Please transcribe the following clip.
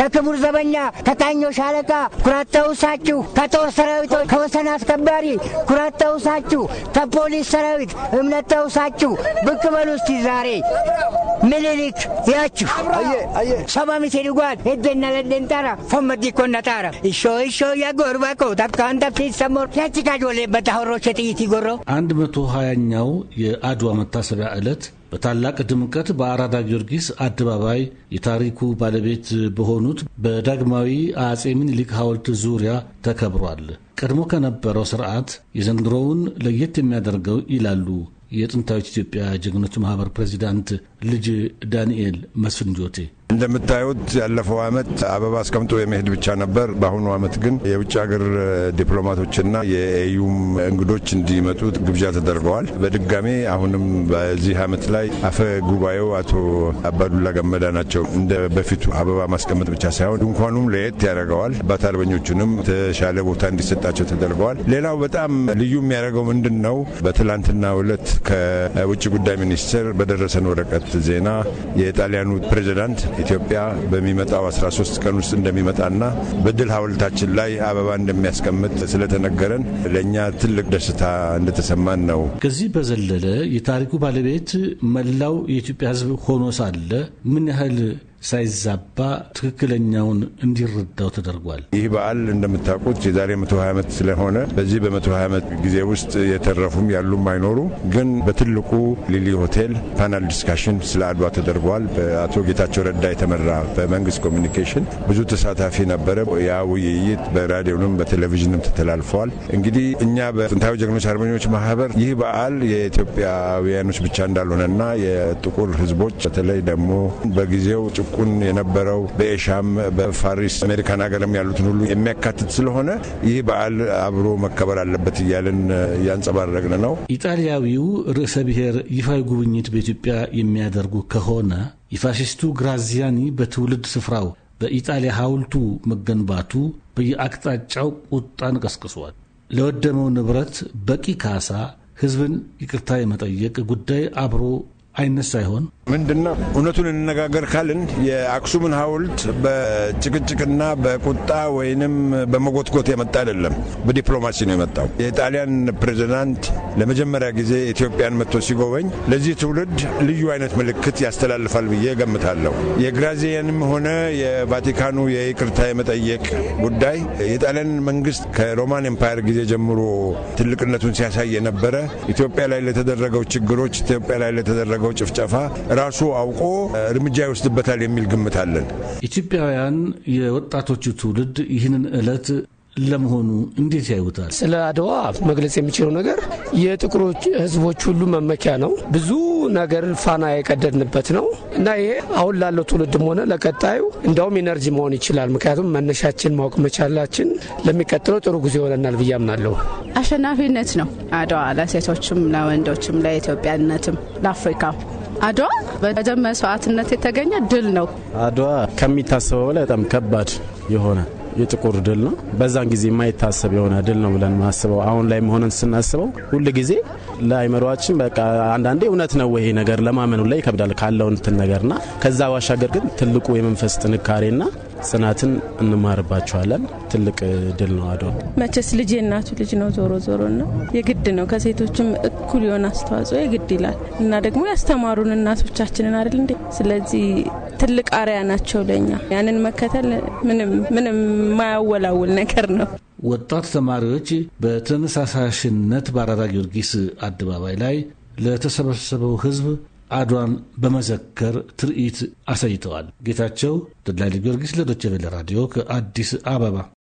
ከክቡር ዘበኛ ከታኞሽ ሻለቃ ኩራት ተውሳችሁ፣ ከጦር ሰራዊት ከወሰን አስከባሪ ኩራት ተውሳችሁ፣ ከፖሊስ ሰራዊት እምነት ተውሳችሁ ብቅ በሉ እስቲ ዛሬ ምኒልክ ያችሁ ሰማሚሴ ዲጓን ሄደና ለደን ጣራ ፎመዲ ኮና እሾ እሾ ያጎርባ ኮታ ካንታ ፊት ሰሞር ያቺ ካጆሌ በታሆሮች ጥይት ይጎረው አንድ መቶ ሀያኛው የአድዋ መታሰቢያ ዕለት በታላቅ ድምቀት በአራዳ ጊዮርጊስ አደባባይ የታሪኩ ባለቤት በሆኑት በዳግማዊ አጼ ምኒልክ ሐውልት ዙሪያ ተከብሯል። ቀድሞ ከነበረው ስርዓት የዘንድሮውን ለየት የሚያደርገው ይላሉ የጥንታዊት ኢትዮጵያ ጀግኖች ማህበር ፕሬዚዳንት ልጅ ዳንኤል መስፍንጆቴ እንደምታዩት ያለፈው ዓመት አበባ አስቀምጦ የመሄድ ብቻ ነበር። በአሁኑ አመት ግን የውጭ ሀገር ዲፕሎማቶችና የኤዩም እንግዶች እንዲመጡ ግብዣ ተደርገዋል። በድጋሜ አሁንም በዚህ ዓመት ላይ አፈ ጉባኤው አቶ አባዱላ ገመዳ ናቸው። እንደ በፊቱ አበባ ማስቀመጥ ብቻ ሳይሆን ድንኳኑም ለየት ያደርገዋል። አባት አልበኞቹንም የተሻለ ቦታ እንዲሰጣቸው ተደርገዋል። ሌላው በጣም ልዩ የሚያደርገው ምንድን ነው? በትላንትና ዕለት ከውጭ ጉዳይ ሚኒስቴር በደረሰን ወረቀት ዜና የጣሊያኑ ፕሬዚዳንት ኢትዮጵያ በሚመጣው 13 ቀን ውስጥ እንደሚመጣና በድል ሐውልታችን ላይ አበባ እንደሚያስቀምጥ ስለተነገረን ለእኛ ትልቅ ደስታ እንደተሰማን ነው። ከዚህ በዘለለ የታሪኩ ባለቤት መላው የኢትዮጵያ ሕዝብ ሆኖ ሳለ ምን ያህል ሳይዛባ ትክክለኛውን እንዲረዳው ተደርጓል። ይህ በዓል እንደምታውቁት የዛሬ 120 ዓመት ስለሆነ በዚህ በ120 ዓመት ጊዜ ውስጥ የተረፉም ያሉም አይኖሩም። ግን በትልቁ ሊሊ ሆቴል ፓናል ዲስካሽን ስለ አድዋ ተደርጓል። በአቶ ጌታቸው ረዳ የተመራ በመንግስት ኮሚኒኬሽን ብዙ ተሳታፊ ነበረ። ያ ውይይት በራዲዮንም በቴሌቪዥንም ተተላልፈዋል። እንግዲህ እኛ በጥንታዊ ጀግኖች አርበኞች ማህበር ይህ በዓል የኢትዮጵያውያኖች ብቻ እንዳልሆነና የጥቁር ህዝቦች በተለይ ደግሞ በጊዜው ሲያውቁን የነበረው በኤሻም በፋሪስ አሜሪካን ሀገርም ያሉትን ሁሉ የሚያካትት ስለሆነ ይህ በዓል አብሮ መከበር አለበት እያልን እያንጸባረቅን ነው። ኢጣሊያዊው ርዕሰ ብሔር ይፋዊ ጉብኝት በኢትዮጵያ የሚያደርጉ ከሆነ የፋሽስቱ ግራዚያኒ በትውልድ ስፍራው በኢጣሊያ ሐውልቱ መገንባቱ በየአቅጣጫው ቁጣን ቀስቅሷል። ለወደመው ንብረት በቂ ካሳ፣ ህዝብን ይቅርታ የመጠየቅ ጉዳይ አብሮ አይነሳ ይሆን? ምንድነው እውነቱን እንነጋገር ካልን የአክሱምን ሐውልት በጭቅጭቅና በቁጣ ወይንም በመጎትጎት የመጣ አይደለም። በዲፕሎማሲ ነው የመጣው። የጣሊያን ፕሬዚዳንት ለመጀመሪያ ጊዜ ኢትዮጵያን መጥቶ ሲጎበኝ ለዚህ ትውልድ ልዩ አይነት ምልክት ያስተላልፋል ብዬ ገምታለሁ። የግራዚያንም ሆነ የቫቲካኑ የይቅርታ የመጠየቅ ጉዳይ የጣሊያን መንግስት ከሮማን ኤምፓየር ጊዜ ጀምሮ ትልቅነቱን ሲያሳይ የነበረ ኢትዮጵያ ላይ ለተደረገው ችግሮች፣ ኢትዮጵያ ላይ ለተደረገው ጭፍጨፋ ራሱ አውቆ እርምጃ ይወስድበታል የሚል ግምት አለን። ኢትዮጵያውያን የወጣቶቹ ትውልድ ይህንን ዕለት ለመሆኑ እንዴት ያዩታል? ስለ አድዋ መግለጽ የሚችለው ነገር የጥቁሮች ሕዝቦች ሁሉ መመኪያ ነው። ብዙ ነገር ፋና የቀደድንበት ነው እና ይሄ አሁን ላለው ትውልድም ሆነ ለቀጣዩ እንዲያውም ኢነርጂ መሆን ይችላል። ምክንያቱም መነሻችን ማወቅ መቻላችን ለሚቀጥለው ጥሩ ጊዜ ይሆነናል ብዬ አምናለሁ። አሸናፊነት ነው አድዋ ለሴቶችም፣ ለወንዶችም፣ ለኢትዮጵያነትም ለአፍሪካ አድዋ በደም መስዋዕትነት የተገኘ ድል ነው። አድዋ ከሚታሰበው በላይ በጣም ከባድ የሆነ የጥቁር ድል ነው። በዛን ጊዜ የማይታሰብ የሆነ ድል ነው ብለን ማስበው አሁን ላይ መሆነን ስናስበው ሁል ጊዜ ለአይመሯችን በቃ አንዳንዴ እውነት ነው ይሄ ነገር ለማመኑ ላይ ይከብዳል ካለው እንትን ነገርና ከዛ ባሻገር ግን ትልቁ የመንፈስ ጥንካሬና ጽናትን እንማርባቸዋለን። ትልቅ ድል ነው አድዋ። መቼስ ልጅ የእናቱ ልጅ ነው። ዞሮ ዞሮ ና የግድ ነው። ከሴቶችም እኩል የሆነ አስተዋጽኦ የግድ ይላል እና ደግሞ ያስተማሩን እናቶቻችንን አይደል እንዴ? ስለዚህ ትልቅ አርያ ናቸው ለእኛ። ያንን መከተል ምንም የማያወላውል ነገር ነው። ወጣት ተማሪዎች በተነሳሳሽነት በአራዳ ጊዮርጊስ አደባባይ ላይ ለተሰበሰበው ሕዝብ አድዋን በመዘከር ትርኢት አሳይተዋል። ጌታቸው ተድላ ጊዮርጊስ ለዶቸቬለ ራዲዮ ከአዲስ አበባ